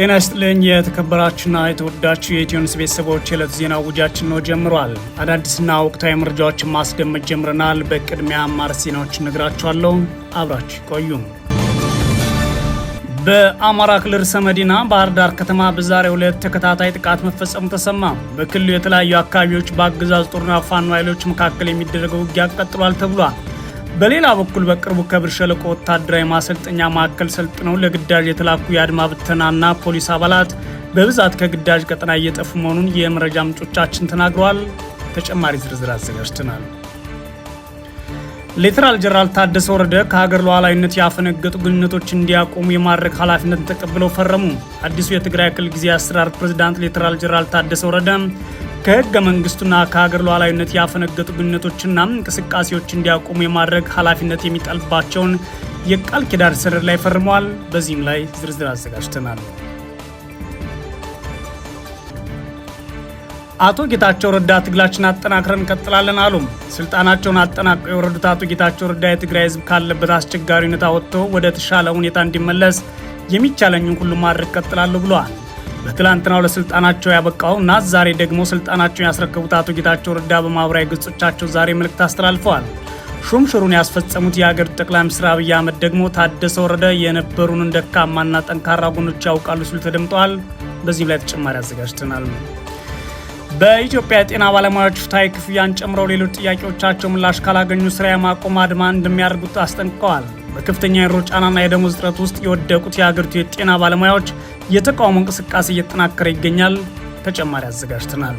ጤና ይስጥልኝ የተከበራችሁና የተወዳችሁ የኢትዮንስ ቤተሰቦች የዕለት ዜና ውጃችን ነው ጀምሯል። አዳዲስና ወቅታዊ መረጃዎችን ማስደመጥ ጀምረናል። በቅድሚያ አማርስ ዜናዎች እነግራችኋለሁ። አብራችሁ ቆዩም። በአማራ ክልል ርዕሰ መዲና ባህር ዳር ከተማ በዛሬው ዕለት ተከታታይ ጥቃት መፈጸሙ ተሰማ። በክልሉ የተለያዩ አካባቢዎች በአገዛዝ ጦርና ፋኖ ኃይሎች መካከል የሚደረገው ውጊያ ቀጥሏል ተብሏል። በሌላ በኩል በቅርቡ ከብር ሸለቆ ወታደራዊ ማሰልጠኛ ማዕከል ሰልጥነው ለግዳጅ የተላኩ የአድማ ብተናና ፖሊስ አባላት በብዛት ከግዳጅ ቀጠና እየጠፉ መሆኑን የመረጃ ምንጮቻችን ተናግረዋል። ተጨማሪ ዝርዝር አዘጋጅተናል። ሌተናል ጀነራል ታደሰ ወረደ ከሀገር ሉዓላዊነት ያፈነገጡ ግንኙነቶች እንዲያቆሙ የማድረግ ኃላፊነትን ተቀብለው ፈረሙ። አዲሱ የትግራይ ክልል ጊዜያዊ አስተዳደር ፕሬዝዳንት ሌተናል ጀነራል ታደሰ ወረደ ከህገ መንግስቱና ከሀገር ሉዓላዊነት ያፈነገጡ ግንኙነቶችና እንቅስቃሴዎች እንዲያቆሙ የማድረግ ኃላፊነት የሚጠልባቸውን የቃል ኪዳን ሰነድ ላይ ፈርመዋል። በዚህም ላይ ዝርዝር አዘጋጅተናል። አቶ ጌታቸው ረዳ ትግላችን አጠናክረን እንቀጥላለን አሉም። ስልጣናቸውን አጠናቀው የወረዱት አቶ ጌታቸው ረዳ የትግራይ ህዝብ ካለበት አስቸጋሪ ሁኔታ ወጥቶ ወደ ተሻለ ሁኔታ እንዲመለስ የሚቻለኝን ሁሉ ማድረግ ቀጥላለሁ ብለዋል። በትላንትናው ለስልጣናቸው እና ዛሬ ደግሞ ስልጣናቸውን ያስረከቡት አቶ ጌታቸው ረዳ በማህበራዊ ገጾቻቸው ዛሬ መልእክት አስተላልፈዋል። ሹምሹሩን ያስፈጸሙት የሀገሪቱ ጠቅላይ ሚኒስትር አብይ አህመድ ደግሞ ታደሰ ወረደ የነበሩንን ደካማና ጠንካራ ጎኖች ያውቃሉ ሲሉ ተደምጠዋል። በዚህም ላይ ተጨማሪ አዘጋጅተናል። በኢትዮጵያ የጤና ባለሙያዎች ፍትሐዊ ክፍያን ጨምረው ሌሎች ጥያቄዎቻቸው ምላሽ ካላገኙ ስራ የማቆም አድማ እንደሚያደርጉት አስጠንቅቀዋል። በከፍተኛ የኑሮ ጫናና የደሞዝ እጥረት ውስጥ የወደቁት የሀገሪቱ የጤና ባለሙያዎች የተቃውሞ እንቅስቃሴ እየተጠናከረ ይገኛል። ተጨማሪ አዘጋጅተናል።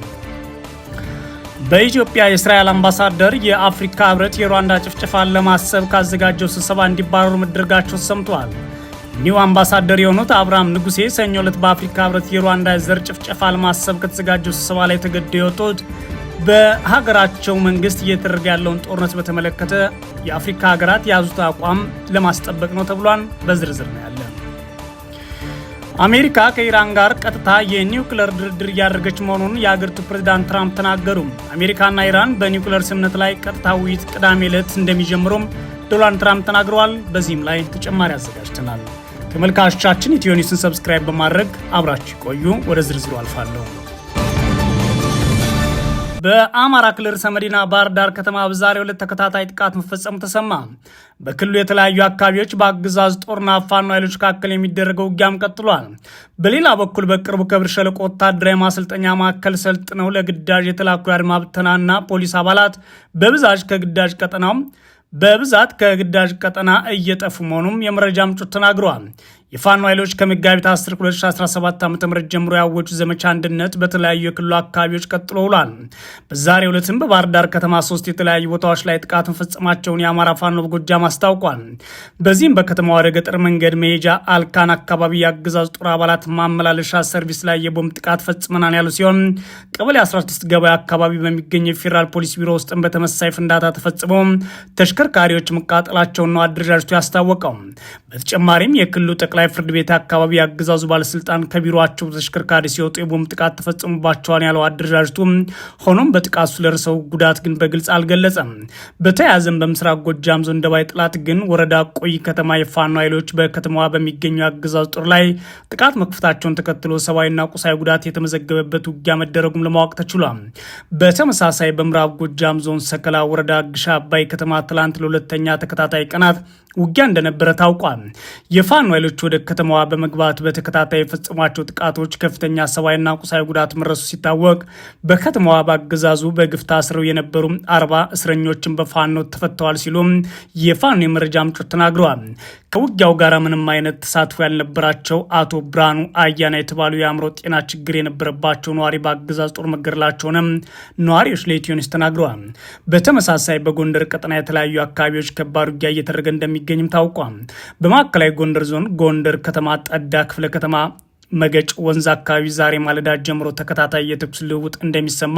በኢትዮጵያ የእስራኤል አምባሳደር የአፍሪካ ህብረት የሩዋንዳ ጭፍጨፋን ለማሰብ ካዘጋጀው ስብሰባ እንዲባረሩ መደረጋቸው ተሰምተዋል። ኒው አምባሳደር የሆኑት አብርሃም ንጉሴ ሰኞ ዕለት በአፍሪካ ህብረት የሩዋንዳ የዘር ጭፍጨፋ ለማሰብ ከተዘጋጀው ስብሰባ ላይ ተገደው የወጡት በሀገራቸው መንግስት እየተደረገ ያለውን ጦርነት በተመለከተ የአፍሪካ ሀገራት የያዙት አቋም ለማስጠበቅ ነው ተብሏል። በዝርዝር ነው ያለ አሜሪካ ከኢራን ጋር ቀጥታ የኒውክለር ድርድር እያደረገች መሆኑን የአገሪቱ ፕሬዚዳንት ትራምፕ ተናገሩ። አሜሪካና ኢራን በኒውክለር ስምምነት ላይ ቀጥታ ውይይት ቅዳሜ ዕለት እንደሚጀምሩም ዶናልድ ትራምፕ ተናግረዋል። በዚህም ላይ ተጨማሪ አዘጋጅተናል። ተመልካቾቻችን ኢትዮኒውስን ሰብስክራይብ በማድረግ አብራችሁ ቆዩ። ወደ ዝርዝሩ አልፋለሁ። በአማራ ክልል ርዕሰ መዲና ባህር ዳር ከተማ በዛሬው ዕለት ተከታታይ ጥቃት መፈጸሙ ተሰማ። በክልሉ የተለያዩ አካባቢዎች በአገዛዝ ጦርና ፋኖ ኃይሎች መካከል የሚደረገው ውጊያም ቀጥሏል። በሌላ በኩል በቅርቡ ከብር ሸለቆ ወታደራዊ ማሰልጠኛ ማዕከል ሰልጥነው ለግዳጅ የተላኩ የአድማ ብተናና ፖሊስ አባላት በብዛት ከግዳጅ ቀጠናው በብዛት ከግዳጅ ቀጠና እየጠፉ መሆኑም የመረጃ ምንጮች ተናግረዋል። የፋኖ ኃይሎች ከመጋቢት 10 2017 ዓ ም ጀምሮ ያወጁ ዘመቻ አንድነት በተለያዩ የክልሉ አካባቢዎች ቀጥሎ ውሏል። በዛሬ ዕለትም በባህር ዳር ከተማ ሶስት የተለያዩ ቦታዎች ላይ ጥቃት መፈጸማቸውን የአማራ ፋኖ በጎጃም አስታውቋል። በዚህም በከተማዋ ወደ ገጠር መንገድ መሄጃ አልካን አካባቢ የአገዛዝ ጦር አባላት ማመላለሻ ሰርቪስ ላይ የቦምብ ጥቃት ፈጽመናል ያሉ ሲሆን ቀበሌ 16 ገበያ አካባቢ በሚገኝ የፌዴራል ፖሊስ ቢሮ ውስጥም በተመሳይ ፍንዳታ ተፈጽሞ ተሽከርካሪዎች መቃጠላቸውን ነው አደረጃጀቱ ያስታወቀው። በተጨማሪም የክልሉ ጠቅላ ጠቅላይ ፍርድ ቤት አካባቢ የአገዛዙ ባለስልጣን ከቢሮቸው ተሽከርካሪ ሲወጡ የቦምብ ጥቃት ተፈጽሞባቸዋል ያለው አደረጃጀቱ፣ ሆኖም በጥቃቱ ስለደረሰው ጉዳት ግን በግልጽ አልገለጸም። በተያያዘም በምስራቅ ጎጃም ዞን ደባይ ጥላት ግን ወረዳ ቆይ ከተማ የፋኖ ኃይሎች በከተማዋ በሚገኙ የአገዛዙ ጦር ላይ ጥቃት መክፈታቸውን ተከትሎ ሰብአዊና ቁሳዊ ጉዳት የተመዘገበበት ውጊያ መደረጉም ለማወቅ ተችሏል። በተመሳሳይ በምዕራብ ጎጃም ዞን ሰከላ ወረዳ ግሻ አባይ ከተማ ትላንት ለሁለተኛ ተከታታይ ቀናት ውጊያ እንደነበረ ታውቋል። የፋኖ ኃይሎች ወደ ከተማዋ በመግባት በተከታታይ የፈጸሟቸው ጥቃቶች ከፍተኛ ሰብአዊና ቁሳዊ ጉዳት መረሱ ሲታወቅ በከተማዋ በአገዛዙ በግፍ ታስረው የነበሩ አርባ እስረኞችን በፋኖ ተፈተዋል ሲሉም የፋኖ የመረጃ ምንጮች ተናግረዋል። ከውጊያው ጋር ምንም አይነት ተሳትፎ ያልነበራቸው አቶ ብርሃኑ አያና የተባሉ የአእምሮ ጤና ችግር የነበረባቸው ነዋሪ በአገዛዝ ጦር መገደላቸውንም ነዋሪዎች ለኢትዮ ኒውስ ተናግረዋል። በተመሳሳይ በጎንደር ቀጠና የተለያዩ አካባቢዎች ከባድ ውጊያ እየተደረገ እንደሚገኝም ታውቋል። በማዕከላዊ ጎንደር ዞን ጎንደር ከተማ ጠዳ ክፍለ ከተማ መገጭ ወንዝ አካባቢ ዛሬ ማለዳት ጀምሮ ተከታታይ የተኩስ ልውውጥ እንደሚሰማ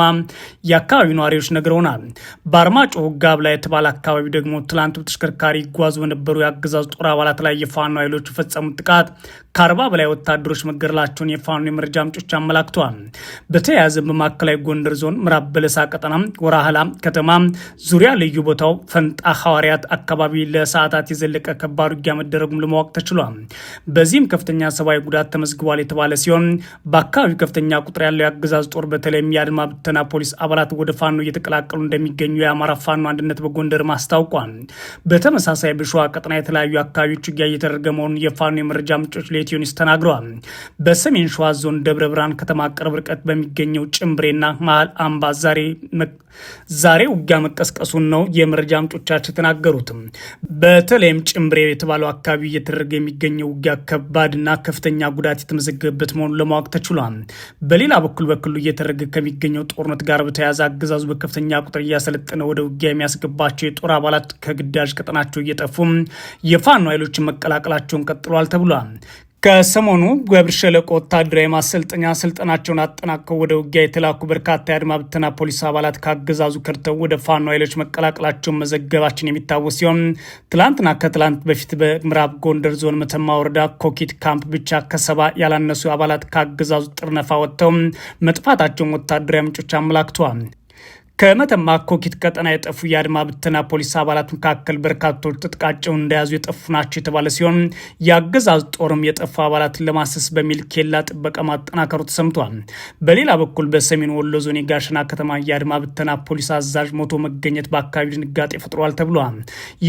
የአካባቢው ነዋሪዎች ነግረውናል። በአርማጮ ጋብ ላይ የተባለ አካባቢ ደግሞ ትላንት በተሽከርካሪ ይጓዙ በነበሩ የአገዛዙ ጦር አባላት ላይ የፋኖ ኃይሎች የፈጸሙት ጥቃት ከአርባ በላይ ወታደሮች መገደላቸውን የፋኖ የመረጃ ምንጮች አመላክተዋል። በተያያዘ በማዕከላዊ ጎንደር ዞን ምዕራብ በለሳ ቀጠና ወራህላ ከተማ ዙሪያ ልዩ ቦታው ፈንጣ ሐዋርያት አካባቢ ለሰዓታት የዘለቀ ከባድ ውጊያ መደረጉም ለማወቅ ተችሏል። በዚህም ከፍተኛ ሰብአዊ ጉዳት ተመዝግቧል ተገድለዋል የተባለ ሲሆን በአካባቢው ከፍተኛ ቁጥር ያለው የአገዛዝ ጦር በተለይም የአድማ ብተና ፖሊስ አባላት ወደ ፋኖ እየተቀላቀሉ እንደሚገኙ የአማራ ፋኖ አንድነት በጎንደር ማስታውቋል። በተመሳሳይ በሸዋ ቀጠና የተለያዩ አካባቢዎች ውጊያ እየተደረገ መሆኑን የፋኖ የመረጃ ምንጮች ለኢትዮ ኒውስ ተናግረዋል። በሰሜን ሸዋ ዞን ደብረ ብርሃን ከተማ ቅርብ ርቀት በሚገኘው ጭምብሬና መሀል አምባ ዛሬ ውጊያ መቀስቀሱን ነው የመረጃ ምንጮቻቸው የተናገሩት በተለይም ጭምብሬ የተባለው አካባቢ እየተደረገ የሚገኘው ውጊያ ከባድና ከፍተኛ ጉዳት የተመዘ የተመዘገበበት መሆኑን ለማወቅ ተችሏል። በሌላ በኩል በክልሉ እየተደረገ ከሚገኘው ጦርነት ጋር በተያያዘ አገዛዙ በከፍተኛ ቁጥር እያሰለጠነ ወደ ውጊያ የሚያስገባቸው የጦር አባላት ከግዳጅ ቀጠናቸው እየጠፉ የፋኖ ኃይሎችን መቀላቀላቸውን ቀጥሏል ተብሏል። ከሰሞኑ ገብር ሸለቆ ወታደራዊ ማሰልጠኛ ስልጠናቸውን አጠናቀው ወደ ውጊያ የተላኩ በርካታ የአድማ ብተና ፖሊስ አባላት ከአገዛዙ ከርተው ወደ ፋኖ ኃይሎች መቀላቀላቸውን መዘገባችን የሚታወስ ሲሆን ትላንትና ከትላንት በፊት በምዕራብ ጎንደር ዞን መተማ ወረዳ ኮኪት ካምፕ ብቻ ከሰባ ያላነሱ አባላት ከአገዛዙ ጥርነፋ ወጥተው መጥፋታቸውን ወታደራዊ ምንጮች አመላክተዋል። ከመተማ ኮኪት ቀጠና የጠፉ የአድማ ብተና ፖሊስ አባላት መካከል በርካቶች ትጥቃቸውን እንደያዙ የጠፉ ናቸው የተባለ ሲሆን የአገዛዝ ጦርም የጠፉ አባላትን ለማሰስ በሚል ኬላ ጥበቃ ማጠናከሩ ተሰምቷል። በሌላ በኩል በሰሜን ወሎ ዞን የጋሸና ከተማ የአድማ ብተና ፖሊስ አዛዥ ሞቶ መገኘት በአካባቢ ድንጋጤ ፈጥሯል ተብሏል።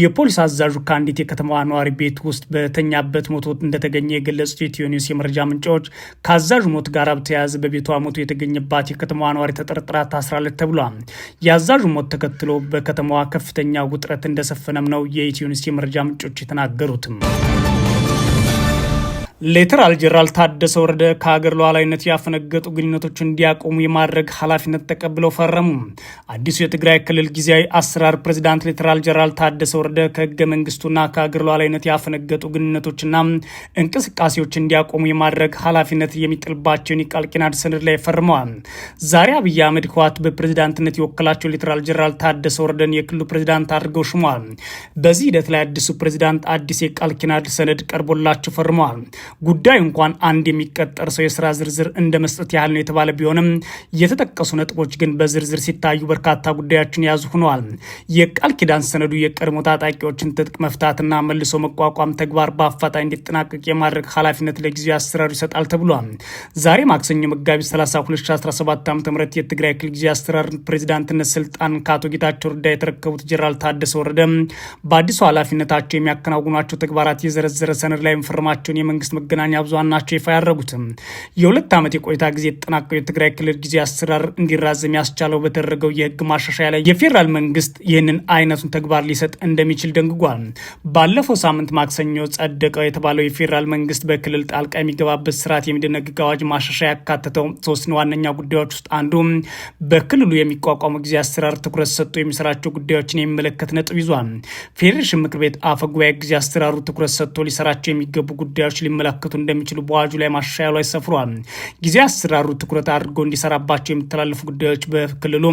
የፖሊስ አዛዡ ከአንዲት የከተማዋ ነዋሪ ቤት ውስጥ በተኛበት ሞቶ እንደተገኘ የገለጹት የኢትዮ ኒውስ የመረጃ ምንጮች ከአዛዡ ሞት ጋር በተያያዘ በቤቷ ሞቶ የተገኘባት የከተማዋ ነዋሪ ተጠርጥራ ታስራለች ተብሏል። የአዛዡ ሞት ተከትሎ በከተማዋ ከፍተኛ ውጥረት እንደሰፈነም ነው የኢትዮ ኒውስ የመረጃ ምንጮች የተናገሩትም። ሌተናል ጄኔራል ታደሰ ወረደ ከሀገር ሉዓላዊነት ያፈነገጡ ግንኙነቶች እንዲያቆሙ የማድረግ ኃላፊነት ተቀብለው ፈረሙ። አዲሱ የትግራይ ክልል ጊዜያዊ አሰራር ፕሬዚዳንት ሌተናል ጄኔራል ታደሰ ወረደ ከህገ መንግስቱና ከሀገር ሉዓላዊነት ያፈነገጡ ግንኙነቶችና እንቅስቃሴዎች እንዲያቆሙ የማድረግ ኃላፊነት የሚጥልባቸውን የቃል ኪዳን ሰነድ ላይ ፈርመዋል። ዛሬ አብይ አህመድ ህወሓት በፕሬዚዳንትነት የወከላቸው ሌተናል ጄኔራል ታደሰ ወረደን የክልሉ ፕሬዚዳንት አድርገው ሾመዋል። በዚህ ሂደት ላይ አዲሱ ፕሬዚዳንት አዲስ የቃል ኪዳን ሰነድ ቀርቦላቸው ፈርመዋል። ጉዳዩ እንኳን አንድ የሚቀጠር ሰው የስራ ዝርዝር እንደ መስጠት ያህል ነው የተባለ ቢሆንም የተጠቀሱ ነጥቦች ግን በዝርዝር ሲታዩ በርካታ ጉዳዮችን የያዙ ሆነዋል። የቃል ኪዳን ሰነዱ የቀድሞ ታጣቂዎችን ትጥቅ መፍታትና መልሶ መቋቋም ተግባር በአፋጣኝ እንዲጠናቀቅ የማድረግ ኃላፊነት ለጊዜው አሰራሩ ይሰጣል ተብሏል። ዛሬ ማክሰኞ መጋቢት 30 2017 ዓ ም የትግራይ ክልል ጊዜ አሰራር ፕሬዚዳንትነት ስልጣን ከአቶ ጌታቸው ረዳ የተረከቡት ጀነራል ታደሰ ወረደ በአዲሱ ኃላፊነታቸው የሚያከናውኗቸው ተግባራት የዘረዘረ ሰነድ ላይ መፈረማቸውን የመንግስት መገናኛ ብዙሃን ናቸው ይፋ ያደረጉትም። የሁለት ዓመት የቆይታ ጊዜ የተጠናቀው የትግራይ ክልል ጊዜ አሰራር እንዲራዘም ያስቻለው በተደረገው የህግ ማሻሻያ ላይ የፌዴራል መንግስት ይህንን አይነቱን ተግባር ሊሰጥ እንደሚችል ደንግጓል። ባለፈው ሳምንት ማክሰኞ ጸደቀው የተባለው የፌዴራል መንግስት በክልል ጣልቃ የሚገባበት ስርዓት የሚደነግግ አዋጅ ማሻሻያ ያካተተው ሶስት ዋነኛ ጉዳዮች ውስጥ አንዱ በክልሉ የሚቋቋመው ጊዜ አሰራር ትኩረት ሰጥቶ የሚሰራቸው ጉዳዮችን የሚመለከት ነጥብ ይዟል። ፌዴሬሽን ምክር ቤት አፈጉባኤ ጊዜ አሰራሩ ትኩረት ሰጥቶ ሊሰራቸው የሚገቡ ጉዳዮች ሊመላ ሊያመላክቱ እንደሚችሉ በአዋጁ ላይ ማሻሻሉ ላይ ሰፍሯል። ጊዜ አሰራሩ ትኩረት አድርጎ እንዲሰራባቸው የሚተላለፉ ጉዳዮች በክልሉ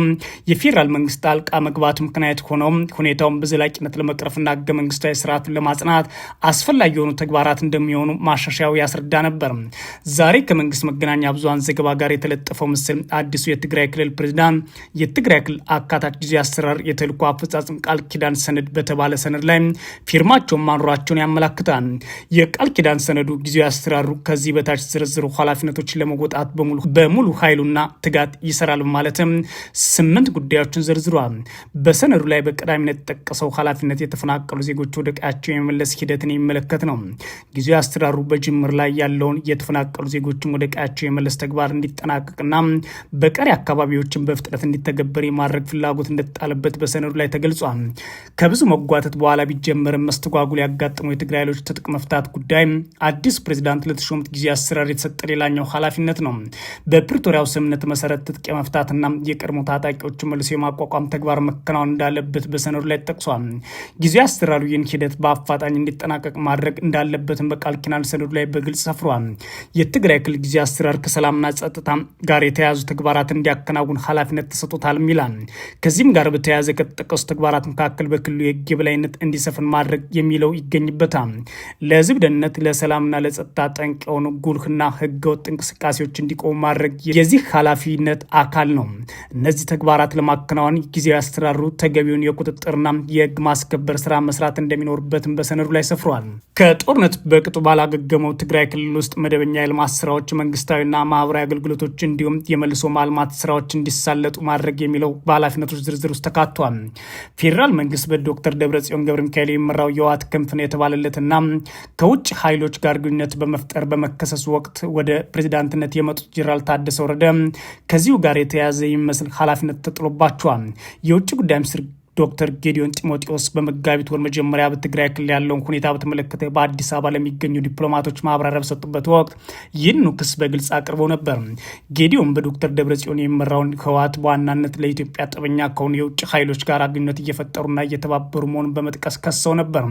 የፌዴራል መንግስት ጣልቃ መግባቱ ምክንያት ሆነው ሁኔታውን በዘላቂነት ለመቅረፍና ህገ መንግስታዊ ስርዓቱን ለማጽናት አስፈላጊ የሆኑ ተግባራት እንደሚሆኑ ማሻሻያው ያስረዳ ነበር። ዛሬ ከመንግስት መገናኛ ብዙሀን ዘገባ ጋር የተለጠፈው ምስል አዲሱ የትግራይ ክልል ፕሬዚዳንት የትግራይ ክልል አካታች ጊዜ አሰራር የተልእኮ አፈጻጽም ቃል ኪዳን ሰነድ በተባለ ሰነድ ላይ ፊርማቸውን ማኖራቸውን ያመላክታል። የቃል ኪዳን ሰነዱ ጊዜ አስተራሩ ከዚህ በታች ዝርዝሩ ኃላፊነቶችን ለመወጣት በሙሉ ኃይሉና ትጋት ይሰራል ማለትም ስምንት ጉዳዮችን ዘርዝሯል። በሰነዱ ላይ በቀዳሚነት የተጠቀሰው ኃላፊነት የተፈናቀሉ ዜጎች ወደ ቀያቸው የመመለስ ሂደትን የሚመለከት ነው። ጊዜያዊ አስተዳደሩ በጅምር ላይ ያለውን የተፈናቀሉ ዜጎችን ወደ ቀያቸው የመለስ ተግባር እንዲጠናቀቅና በቀሪ አካባቢዎችን በፍጥነት እንዲተገበር የማድረግ ፍላጎት እንደተጣለበት በሰነዱ ላይ ተገልጿል። ከብዙ መጓተት በኋላ ቢጀመርም መስተጓጉል ያጋጠመው የትግራይ ኃይሎች ትጥቅ መፍታት ጉዳይ አዲስ አዲስ ፕሬዚዳንት ለተሾሙት ጊዜ አሰራር የተሰጠ ሌላኛው ኃላፊነት ነው። በፕሪቶሪያው ስምምነት መሰረት ትጥቅ የመፍታትና የቀድሞ ታጣቂዎች መልሶ የማቋቋም ተግባር መከናወን እንዳለበት በሰነዱ ላይ ጠቅሷል። ጊዜ አሰራሩ ይህን ሂደት በአፋጣኝ እንዲጠናቀቅ ማድረግ እንዳለበትም በቃል ኪዳን ሰነዱ ላይ በግልጽ ሰፍሯል። የትግራይ ክልል ጊዜ አሰራር ከሰላምና ጸጥታ ጋር የተያያዙ ተግባራት እንዲያከናውን ኃላፊነት ተሰጥቶታልም ይላል። ከዚህም ጋር በተያያዘ ከተጠቀሱ ተግባራት መካከል በክልሉ የህግ የበላይነት እንዲሰፍን ማድረግ የሚለው ይገኝበታል። ለህዝብ ደህንነት፣ ለሰላምና ለጸጥታ ጠንቅ የሆኑ ጉልህና ህገወጥ እንቅስቃሴዎች እንዲቆሙ ማድረግ የዚህ ኃላፊነት አካል ነው። እነዚህ ተግባራት ለማከናወን ጊዜያዊ አስተዳደሩ ተገቢውን የቁጥጥርና የህግ ማስከበር ስራ መስራት እንደሚኖርበትም በሰነዱ ላይ ሰፍረዋል። ከጦርነት በቅጡ ባላገገመው ትግራይ ክልል ውስጥ መደበኛ የልማት ስራዎች፣ መንግስታዊና ማህበራዊ አገልግሎቶች እንዲሁም የመልሶ ማልማት ስራዎች እንዲሳለጡ ማድረግ የሚለው በኃላፊነቶች ዝርዝር ውስጥ ተካቷል። ፌዴራል መንግስት በዶክተር ደብረጽዮን ገብረ ሚካኤል የሚመራው የህወሓት ክንፍ ነው የተባለለትና ከውጭ ኃይሎች ጋር ልዩነት በመፍጠር በመከሰሱ ወቅት ወደ ፕሬዚዳንትነት የመጡት ጄኔራል ታደሰ ወረደ ከዚሁ ጋር የተያያዘ የሚመስል ኃላፊነት ተጥሎባቸዋል። የውጭ ጉዳይ ሚኒስትር ዶክተር ጌዲዮን ጢሞቴዎስ በመጋቢት ወር መጀመሪያ በትግራይ ክልል ያለውን ሁኔታ በተመለከተ በአዲስ አበባ ለሚገኙ ዲፕሎማቶች ማብራሪያ በሰጡበት ወቅት ይህን ክስ በግልጽ አቅርበው ነበር። ጌዲዮን በዶክተር ደብረጽዮን የሚመራውን ህወሓት በዋናነት ለኢትዮጵያ ጠበኛ ከሆኑ የውጭ ኃይሎች ጋር ግንኙነት እየፈጠሩና እየተባበሩ መሆኑን በመጥቀስ ከሰው ነበር።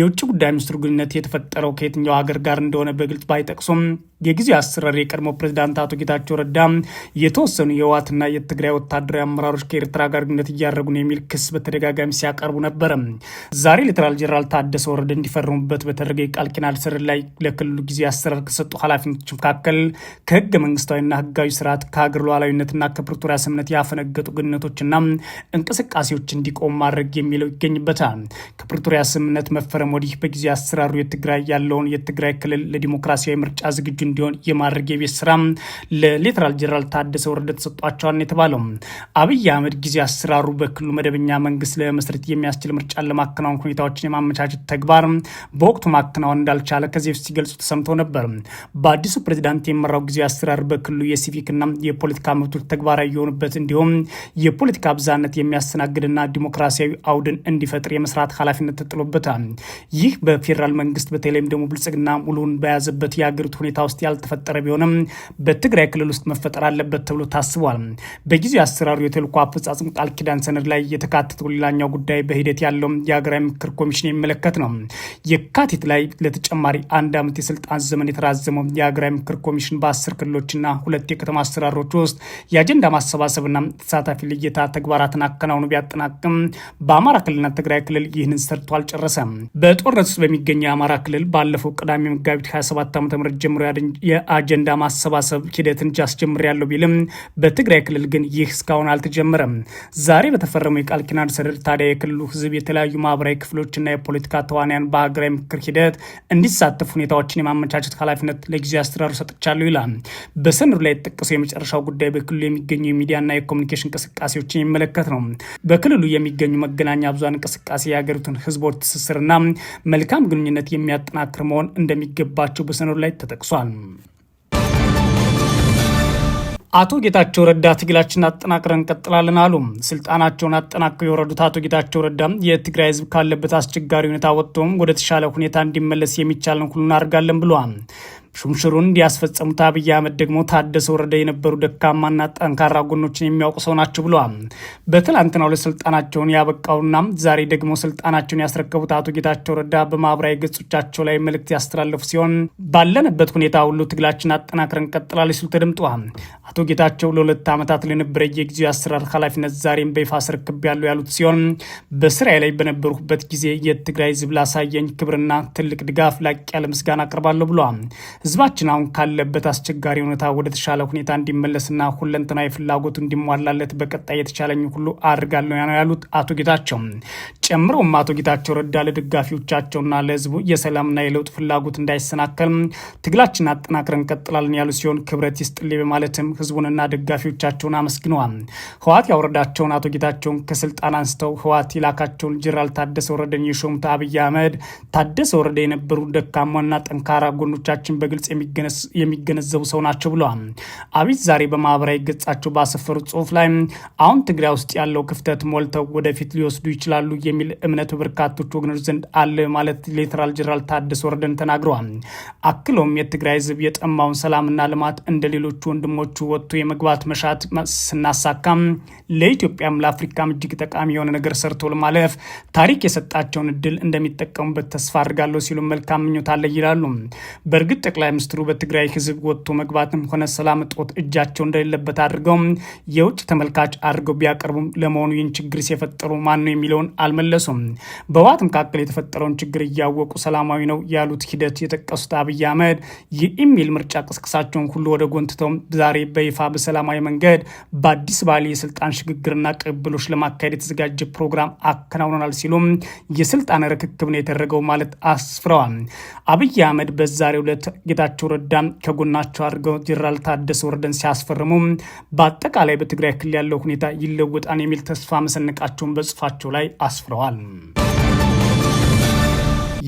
የውጭ ጉዳይ ሚኒስትሩ ግንኙነት የተፈጠረው ከየትኛው ሀገር ጋር እንደሆነ በግልጽ ባይጠቅሱም የጊዜ አስተዳደር የቀድሞ ፕሬዚዳንት አቶ ጌታቸው ረዳ የተወሰኑ የህወሓትና የትግራይ ወታደራዊ አመራሮች ከኤርትራ ጋር ግንኙነት እያደረጉ ነው የሚል ክስ በተደጋጋሚ ሲያቀርቡ ነበረ። ዛሬ ሌተናል ጄኔራል ታደሰ ወረደ እንዲፈርሙበት በተደረገ የቃል ኪዳን ስር ላይ ለክልሉ ጊዜ አሰራር ከሰጡ ኃላፊነቶች መካከል ከህገ መንግስታዊና ህጋዊ ስርዓት ከሀገር ሉዓላዊነትና ከፕሪቶሪያ ስምምነት ያፈነገጡ ግንኙነቶችና እንቅስቃሴዎች እንዲቆም ማድረግ የሚለው ይገኝበታል። ከፕሪቶሪያ ስምምነት መፈረም ወዲህ በጊዜ አሰራሩ የትግራይ ያለውን የትግራይ ክልል ለዲሞክራሲያዊ ምርጫ ዝግጁ እንዲሆን የማድረግ የቤት ስራ ለሌተናል ጀነራል ታደሰ ወረደ ተሰጧቸዋል የተባለው አብይ አህመድ ጊዜ አሰራሩ በክልሉ መደበኛ መንግስት ለመስረት የሚያስችል ምርጫን ለማከናወን ሁኔታዎችን የማመቻቸት ተግባር በወቅቱ ማከናወን እንዳልቻለ ከዚህ በፊት ሲገልጹ ተሰምቶ ነበር። በአዲሱ ፕሬዚዳንት የመራው ጊዜ አሰራር በክልሉ የሲቪክና የፖለቲካ መብቶች ተግባራዊ የሆኑበት እንዲሁም የፖለቲካ ብዛነት የሚያስተናግድና ዲሞክራሲያዊ አውድን እንዲፈጥር የመስራት ኃላፊነት ተጥሎበታል። ይህ በፌዴራል መንግስት በተለይም ደግሞ ብልጽግና ሙሉውን በያዘበት የሀገሪቱ ሁኔታ ውስጥ ውስጥ ያልተፈጠረ ቢሆንም በትግራይ ክልል ውስጥ መፈጠር አለበት ተብሎ ታስቧል። በጊዜው አሰራሩ የተልእኮ አፈጻጽም ቃል ኪዳን ሰነድ ላይ የተካተተው ሌላኛው ጉዳይ በሂደት ያለው የሀገራዊ ምክክር ኮሚሽን የሚመለከት ነው። የካቲት ላይ ለተጨማሪ አንድ ዓመት የስልጣን ዘመን የተራዘመው የሀገራዊ ምክክር ኮሚሽን በአስር ክልሎችና ሁለት የከተማ አሰራሮች ውስጥ የአጀንዳ ማሰባሰብና ተሳታፊ ልየታ ተግባራትን አከናውኑ ቢያጠናቅም በአማራ ክልልና ትግራይ ክልል ይህንን ሰርቶ አልጨረሰም። በጦርነት ውስጥ በሚገኘው የአማራ ክልል ባለፈው ቅዳሜ መጋቢት 27 ዓ ም ጀምሮ ያደ የአጀንዳ ማሰባሰብ ሂደትን ጃስጀምር ያለው ቢልም በትግራይ ክልል ግን ይህ እስካሁን አልተጀመረም። ዛሬ በተፈረመው የቃል ኪዳን ሰነድ ታዲያ የክልሉ ህዝብ የተለያዩ ማህበራዊ ክፍሎችና የፖለቲካ ተዋንያን በሀገራዊ ምክክር ሂደት እንዲሳተፉ ሁኔታዎችን የማመቻቸት ኃላፊነት ለጊዜ አስተራሩ ሰጥቻለሁ ይላል። በሰነዱ ላይ የተጠቀሰው የመጨረሻው ጉዳይ በክልሉ የሚገኙ የሚዲያና የኮሚኒኬሽን እንቅስቃሴዎችን የሚመለከት ነው። በክልሉ የሚገኙ መገናኛ ብዙሃን እንቅስቃሴ የሀገሪቱን ህዝቦች ትስስርና መልካም ግንኙነት የሚያጠናክር መሆን እንደሚገባቸው በሰነዱ ላይ ተጠቅሷል። አቶ ጌታቸው ረዳ ትግላችን አጠናቅረን እንቀጥላለን አሉ። ስልጣናቸውን አጠናክረው የወረዱት አቶ ጌታቸው ረዳ የትግራይ ሕዝብ ካለበት አስቸጋሪ ሁኔታ ወጥቶም ወደ ተሻለ ሁኔታ እንዲመለስ የሚቻለን ሁሉ እናደርጋለን ብለዋል። ሹምሽሩን እንዲያስፈጸሙት አብይ አህመድ ደግሞ ታደሰ ወረደ የነበሩ ደካማና ጠንካራ ጎኖችን የሚያውቁ ሰው ናቸው ብለዋል። በትላንትናው ዕለት ስልጣናቸውን ያበቃውና ዛሬ ደግሞ ስልጣናቸውን ያስረከቡት አቶ ጌታቸው ረዳ በማህበራዊ ገጾቻቸው ላይ መልእክት ያስተላለፉ ሲሆን ባለንበት ሁኔታ ሁሉ ትግላችን አጠናክረን ቀጥላለች ሲሉ ተደምጠዋል። አቶ ጌታቸው ለሁለት ዓመታት ለነበረ የጊዜው አሰራር ኃላፊነት ዛሬም በይፋ ያሉ ያሉት ሲሆን በስራዬ ላይ በነበርኩበት ጊዜ የትግራይ ህዝብ ላሳየኝ ክብርና ትልቅ ድጋፍ ላቅ ያለ ምስጋና አቅርባለሁ ብለዋል። ህዝባችን አሁን ካለበት አስቸጋሪ ሁኔታ ወደ ተሻለ ሁኔታ እንዲመለስና ሁለንተናዊ ፍላጎቱ እንዲሟላለት በቀጣይ የተቻለኝ ሁሉ አድርጋለሁ ነው ያሉት አቶ ጌታቸው ጨምሮ አቶ ጌታቸው ረዳ ለደጋፊዎቻቸውና ለህዝቡ የሰላምና የለውጥ ፍላጎት እንዳይሰናከል ትግላችን አጠናክረን እንቀጥላለን ያሉ ሲሆን ክብረት ይስጥልኝ በማለትም ህዝቡንና ደጋፊዎቻቸውን አመስግነዋል። ህወሓት ያወረዳቸውን አቶ ጌታቸውን ከስልጣን አንስተው ህወሓት የላካቸውን ጄኔራል ታደሰ ወረደን የሾሙት አብይ አህመድ ታደሰ ወረደ የነበሩ ደካማና ጠንካራ ጎኖቻችን በግልጽ የሚገነዘቡ ሰው ናቸው ብለዋል። አብይ ዛሬ በማህበራዊ ገጻቸው ባሰፈሩት ጽሁፍ ላይ አሁን ትግራይ ውስጥ ያለው ክፍተት ሞልተው ወደፊት ሊወስዱ ይችላሉ የሚል እምነቱ በርካቶች ወገኖች ዘንድ አለ ማለት ሌተናል ጀነራል ታደሰ ወረደን ተናግረዋል። አክሎም የትግራይ ህዝብ የጠማውን ሰላምና ልማት እንደ ሌሎቹ ወንድሞቹ ወጥቶ የመግባት መሻት ስናሳካም ለኢትዮጵያም ለአፍሪካም እጅግ ጠቃሚ የሆነ ነገር ሰርቶ ለማለፍ ታሪክ የሰጣቸውን እድል እንደሚጠቀሙበት ተስፋ አድርጋለሁ ሲሉ መልካም ምኞት አለ ይላሉ። በእርግጥ ጠቅላይ ሚኒስትሩ በትግራይ ህዝብ ወጥቶ መግባትም ሆነ ሰላም እጦት እጃቸው እንደሌለበት አድርገው የውጭ ተመልካች አድርገው ቢያቀርቡም ለመሆኑ ይህን ችግር ሲፈጠሩ ማን ነው የሚለውን አልመለ አልተመለሱም። በህወሓት መካከል የተፈጠረውን ችግር እያወቁ ሰላማዊ ነው ያሉት ሂደት የጠቀሱት አብይ አህመድ የኢሜል ምርጫ ቅስቅሳቸውን ሁሉ ወደ ጎን ትተው ዛሬ በይፋ በሰላማዊ መንገድ በአዲስ ባሌ የስልጣን ሽግግርና ቅብሎች ለማካሄድ የተዘጋጀ ፕሮግራም አከናውነናል ሲሉም የስልጣን ርክክብ ነው የተደረገው ማለት አስፍረዋል። አብይ አህመድ በዛሬ ሁለት ጌታቸው ረዳ ከጎናቸው አድርገው ጀነራል ታደሰ ወረደን ሲያስፈርሙ በአጠቃላይ በትግራይ ክልል ያለው ሁኔታ ይለወጣል የሚል ተስፋ መሰነቃቸውን በጽሁፋቸው ላይ አስፍረዋል። ร้อน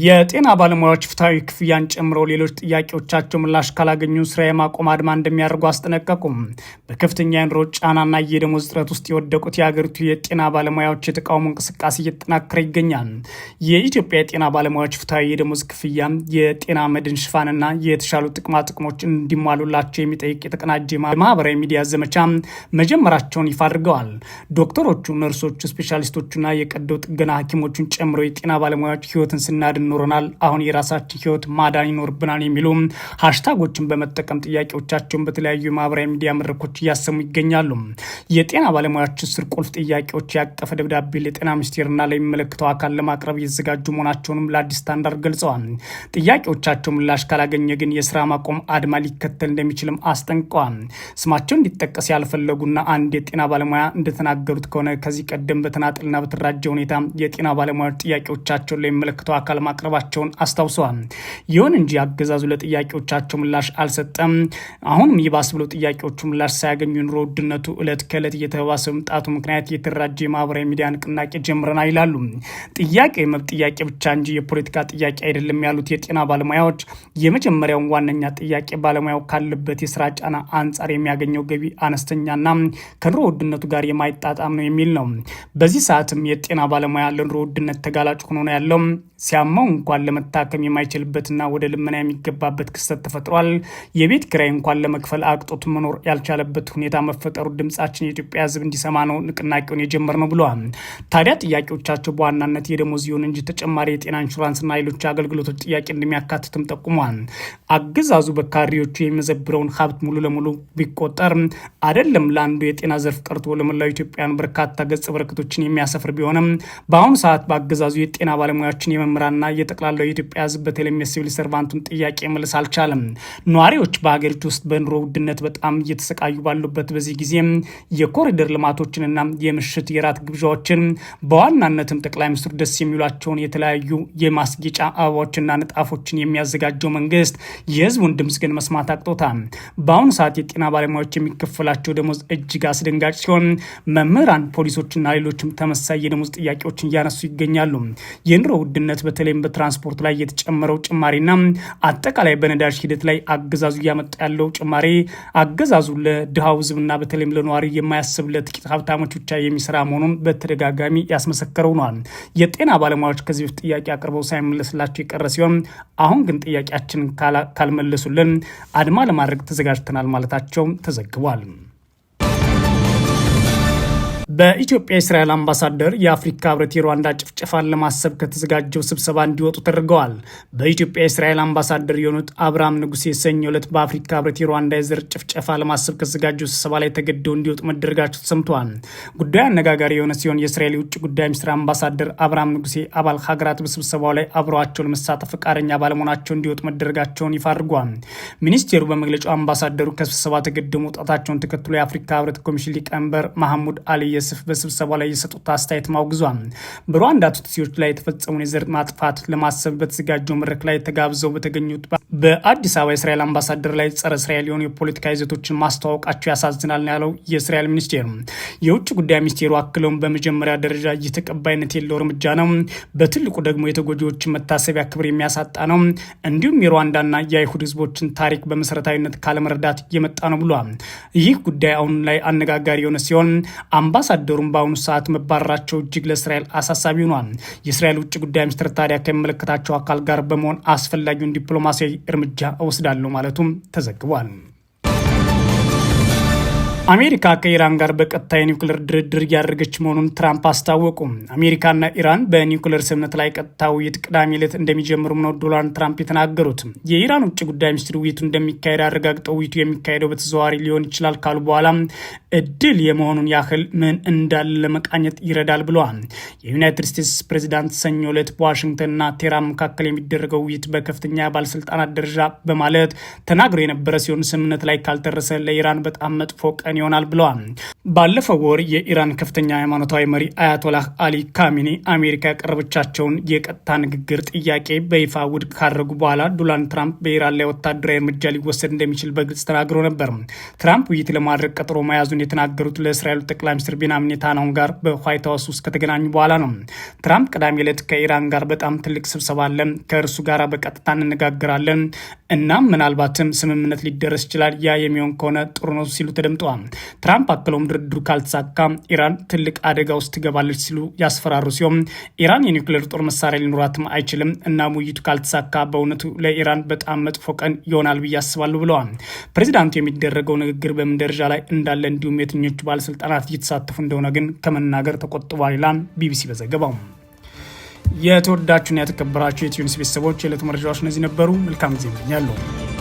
የጤና ባለሙያዎች ፍትሐዊ ክፍያን ጨምሮ ሌሎች ጥያቄዎቻቸው ምላሽ ካላገኙ ስራ የማቆም አድማ እንደሚያደርጉ አስጠነቀቁም። በከፍተኛ የኑሮ ጫናና የደሞዝ እጥረት ውስጥ የወደቁት የሀገሪቱ የጤና ባለሙያዎች የተቃውሞ እንቅስቃሴ እየተጠናከረ ይገኛል። የኢትዮጵያ የጤና ባለሙያዎች ፍትሐዊ የደሞዝ ክፍያ፣ የጤና መድን ሽፋንና የተሻሉ ጥቅማ ጥቅሞች እንዲሟሉላቸው የሚጠይቅ የተቀናጀ ማህበራዊ ሚዲያ ዘመቻ መጀመራቸውን ይፋ አድርገዋል። ዶክተሮቹ፣ ነርሶቹ፣ ስፔሻሊስቶቹና የቀዶ ጥገና ሐኪሞቹን ጨምሮ የጤና ባለሙያዎች ህይወትን ስናድን ኖረናል፣ አሁን የራሳችን ህይወት ማዳን ይኖርብናል የሚሉ ሀሽታጎችን በመጠቀም ጥያቄዎቻቸውን በተለያዩ የማህበራዊ ሚዲያ መድረኮች እያሰሙ ይገኛሉ። የጤና ባለሙያዎች ስር ቁልፍ ጥያቄዎች ያቀፈ ደብዳቤ ለጤና ሚኒስቴርና ለሚመለከተው አካል ለማቅረብ የተዘጋጁ መሆናቸውንም ለአዲስ ስታንዳርድ ገልጸዋል። ጥያቄዎቻቸው ምላሽ ካላገኘ ግን የስራ ማቆም አድማ ሊከተል እንደሚችልም አስጠንቀዋል። ስማቸው እንዲጠቀስ ያልፈለጉና አንድ የጤና ባለሙያ እንደተናገሩት ከሆነ ከዚህ ቀደም በተናጠልና በተደራጀ ሁኔታ የጤና ባለሙያዎች ጥያቄዎቻቸውን ለሚመለከተው አካል ማቅረባቸውን አስታውሰዋል። ይሁን እንጂ አገዛዙ ለጥያቄዎቻቸው ምላሽ አልሰጠም። አሁንም ይባስ ብሎ ጥያቄዎቹ ምላሽ ሳያገኙ ኑሮ ውድነቱ እለት ከእለት እየተባሰ መምጣቱ ምክንያት የተደራጀ የማህበራዊ ሚዲያ ንቅናቄ ጀምረናል ይላሉ። ጥያቄ የመብት ጥያቄ ብቻ እንጂ የፖለቲካ ጥያቄ አይደለም ያሉት የጤና ባለሙያዎች የመጀመሪያውን ዋነኛ ጥያቄ ባለሙያው ካለበት የስራ ጫና አንጻር የሚያገኘው ገቢ አነስተኛና ከኑሮ ውድነቱ ጋር የማይጣጣም ነው የሚል ነው። በዚህ ሰዓትም የጤና ባለሙያ ለኑሮ ውድነት ተጋላጭ ሆኖ ነው ያለው። ሲያመው እንኳን ለመታከም የማይችልበትና ወደ ልመና የሚገባበት ክስተት ተፈጥሯል። የቤት ኪራይ እንኳን ለመክፈል አቅጦት መኖር ያልቻለበት ሁኔታ መፈጠሩ ድምጻችን የኢትዮጵያ ሕዝብ እንዲሰማ ነው ንቅናቄውን የጀመር ነው ብለዋል። ታዲያ ጥያቄዎቻቸው በዋናነት የደሞዝ ይሁን እንጂ ተጨማሪ የጤና ኢንሹራንስና ሌሎች አገልግሎቶች ጥያቄ እንደሚያካትትም ጠቁሟል። አገዛዙ በካድሬዎቹ የሚመዘብረውን ሀብት ሙሉ ለሙሉ ቢቆጠር አይደለም ለአንዱ የጤና ዘርፍ ቀርቶ ለመላው ኢትዮጵያን በርካታ ገጽ በረከቶችን የሚያሰፍር ቢሆንም በአሁኑ ሰዓት በአገዛዙ የጤና ባለሙያዎችን የመምህራንና የጠቅላላው የኢትዮጵያ ህዝብ በተለይም የሲቪል ሰርቫንቱን ጥያቄ መልስ አልቻለም። ነዋሪዎች በሀገሪቱ ውስጥ በኑሮ ውድነት በጣም እየተሰቃዩ ባሉበት በዚህ ጊዜ የኮሪደር ልማቶችንና የምሽት የራት ግብዣዎችን በዋናነትም ጠቅላይ ሚኒስትሩ ደስ የሚሏቸውን የተለያዩ የማስጌጫ አበባዎችና ንጣፎችን የሚያዘጋጀው መንግስት የህዝቡን ድምፅ ግን መስማት አቅቶታል። በአሁኑ ሰዓት የጤና ባለሙያዎች የሚከፈላቸው ደሞዝ እጅግ አስደንጋጭ ሲሆን መምህራን፣ ፖሊሶችና ሌሎችም ተመሳይ የደሞዝ ጥያቄዎችን እያነሱ ይገኛሉ። የኑሮ ውድነት በተለይ በተለይም በትራንስፖርት ላይ የተጨመረው ጭማሪና አጠቃላይ በነዳጅ ሂደት ላይ አገዛዙ እያመጣ ያለው ጭማሪ አገዛዙ ለድሃው ህዝብና በተለይም ለነዋሪ የማያስብ ለጥቂት ሀብታሞች ብቻ የሚሰራ መሆኑን በተደጋጋሚ ያስመሰከረው ነዋል። የጤና ባለሙያዎች ከዚህ በፊት ጥያቄ አቅርበው ሳይመለስላቸው የቀረ ሲሆን አሁን ግን ጥያቄያችን ካልመለሱልን አድማ ለማድረግ ተዘጋጅተናል ማለታቸው ተዘግቧል። በኢትዮጵያ የእስራኤል አምባሳደር የአፍሪካ ህብረት የሩዋንዳ ጭፍጨፋን ለማሰብ ከተዘጋጀው ስብሰባ እንዲወጡ ተደርገዋል። በኢትዮጵያ የእስራኤል አምባሳደር የሆኑት አብርሃም ንጉሴ የሰኞ ዕለት በአፍሪካ ህብረት የሩዋንዳ የዘር ጭፍጨፋ ለማሰብ ከተዘጋጀው ስብሰባ ላይ ተገደው እንዲወጡ መደረጋቸው ተሰምተዋል። ጉዳዩ አነጋጋሪ የሆነ ሲሆን የእስራኤል የውጭ ጉዳይ ሚኒስትር አምባሳደር አብርሃም ንጉሴ አባል ሀገራት በስብሰባው ላይ አብረዋቸው ለመሳተፍ ፈቃደኛ ባለመሆናቸው እንዲወጡ መደረጋቸውን ይፋ አድርጓል። ሚኒስቴሩ በመግለጫው አምባሳደሩ ከስብሰባ ተገደው መውጣታቸውን ተከትሎ የአፍሪካ ህብረት ኮሚሽን ሊቀመንበር መሐሙድ አሊ በስብሰባ ላይ የሰጡት አስተያየት ማውግዟል። በሩዋንዳ ቱትሲዎች ላይ የተፈጸመውን የዘር ማጥፋት ለማሰብ በተዘጋጀው መድረክ ላይ ተጋብዘው በተገኙት በአዲስ አበባ የእስራኤል አምባሳደር ላይ ጸረ እስራኤል የሆኑ የፖለቲካ ይዘቶችን ማስተዋወቃቸው ያሳዝናል ያለው የእስራኤል ሚኒስቴር የውጭ ጉዳይ ሚኒስቴሩ አክለውም በመጀመሪያ ደረጃ እየተቀባይነት የለው እርምጃ ነው፣ በትልቁ ደግሞ የተጎጂዎችን መታሰቢያ ክብር የሚያሳጣ ነው፣ እንዲሁም የሩዋንዳና የአይሁድ ህዝቦችን ታሪክ በመሰረታዊነት ካለመረዳት የመጣ ነው ብሏል። ይህ ጉዳይ አሁን ላይ አነጋጋሪ የሆነ ሲሆን አምባ አምባሳደሩም በአሁኑ ሰዓት መባረራቸው እጅግ ለእስራኤል አሳሳቢ ሆኗል። የእስራኤል ውጭ ጉዳይ ሚኒስትር ታዲያ ከሚመለከታቸው አካል ጋር በመሆን አስፈላጊውን ዲፕሎማሲያዊ እርምጃ እወስዳለሁ ማለቱም ተዘግቧል። አሜሪካ ከኢራን ጋር በቀጥታ የኒውክሌር ድርድር እያደረገች መሆኑን ትራምፕ አስታወቁ። አሜሪካና ኢራን በኒውክሌር ስምምነት ላይ ቀጥታ ውይይት ቅዳሜ ዕለት እንደሚጀምሩም ነው ዶናልድ ትራምፕ የተናገሩት። የኢራን ውጭ ጉዳይ ሚኒስትር ውይይቱ እንደሚካሄድ አረጋግጠው ውይይቱ የሚካሄደው በተዘዋዋሪ ሊሆን ይችላል ካሉ በኋላ እድል የመሆኑን ያህል ምን እንዳለ ለመቃኘት ይረዳል ብለዋል። የዩናይትድ ስቴትስ ፕሬዚዳንት ሰኞ ዕለት በዋሽንግተንና ቴህራን መካከል የሚደረገው ውይይት በከፍተኛ ባለስልጣናት ደረጃ በማለት ተናግሮ የነበረ ሲሆን ስምምነት ላይ ካልተረሰ ለኢራን በጣም መጥፎ ቀን የሚከናወን ይሆናል ብለዋል። ባለፈው ወር የኢራን ከፍተኛ ሃይማኖታዊ መሪ አያቶላህ አሊ ካሚኒ አሜሪካ ያቀረበቻቸውን የቀጥታ ንግግር ጥያቄ በይፋ ውድቅ ካደረጉ በኋላ ዶናልድ ትራምፕ በኢራን ላይ ወታደራዊ እርምጃ ሊወሰድ እንደሚችል በግልጽ ተናግሮ ነበር። ትራምፕ ውይይት ለማድረግ ቀጠሮ መያዙን የተናገሩት ለእስራኤሉ ጠቅላይ ሚኒስትር ቤንያሚን ኔታንያሁ ጋር በዋይት ሀውስ ውስጥ ከተገናኙ በኋላ ነው። ትራምፕ ቅዳሜ ዕለት ከኢራን ጋር በጣም ትልቅ ስብሰባ አለ፣ ከእርሱ ጋር በቀጥታ እንነጋገራለን፣ እናም ምናልባትም ስምምነት ሊደረስ ይችላል። ያ የሚሆን ከሆነ ጥሩ ነው ሲሉ ተደምጠዋል። ትራምፕ አክለውም ድርድሩ ካልተሳካ ኢራን ትልቅ አደጋ ውስጥ ትገባለች ሲሉ ያስፈራሩ ሲሆን ኢራን የኒውክሌር ጦር መሳሪያ ሊኖራትም አይችልም። እናም ውይይቱ ካልተሳካ በእውነቱ ለኢራን በጣም መጥፎ ቀን ይሆናል ብዬ አስባለሁ ብለዋል። ፕሬዚዳንቱ የሚደረገው ንግግር በምን ደረጃ ላይ እንዳለ እንዲሁም የትኞቹ ባለስልጣናት እየተሳተፉ እንደሆነ ግን ከመናገር ተቆጥቧል ይላል ቢቢሲ በዘገባው። የተወዳችሁና የተከበራችሁ የኢትዮ ቤተሰቦች የዕለቱ መረጃዎች እነዚህ ነበሩ። መልካም ጊዜ እመኛለሁ።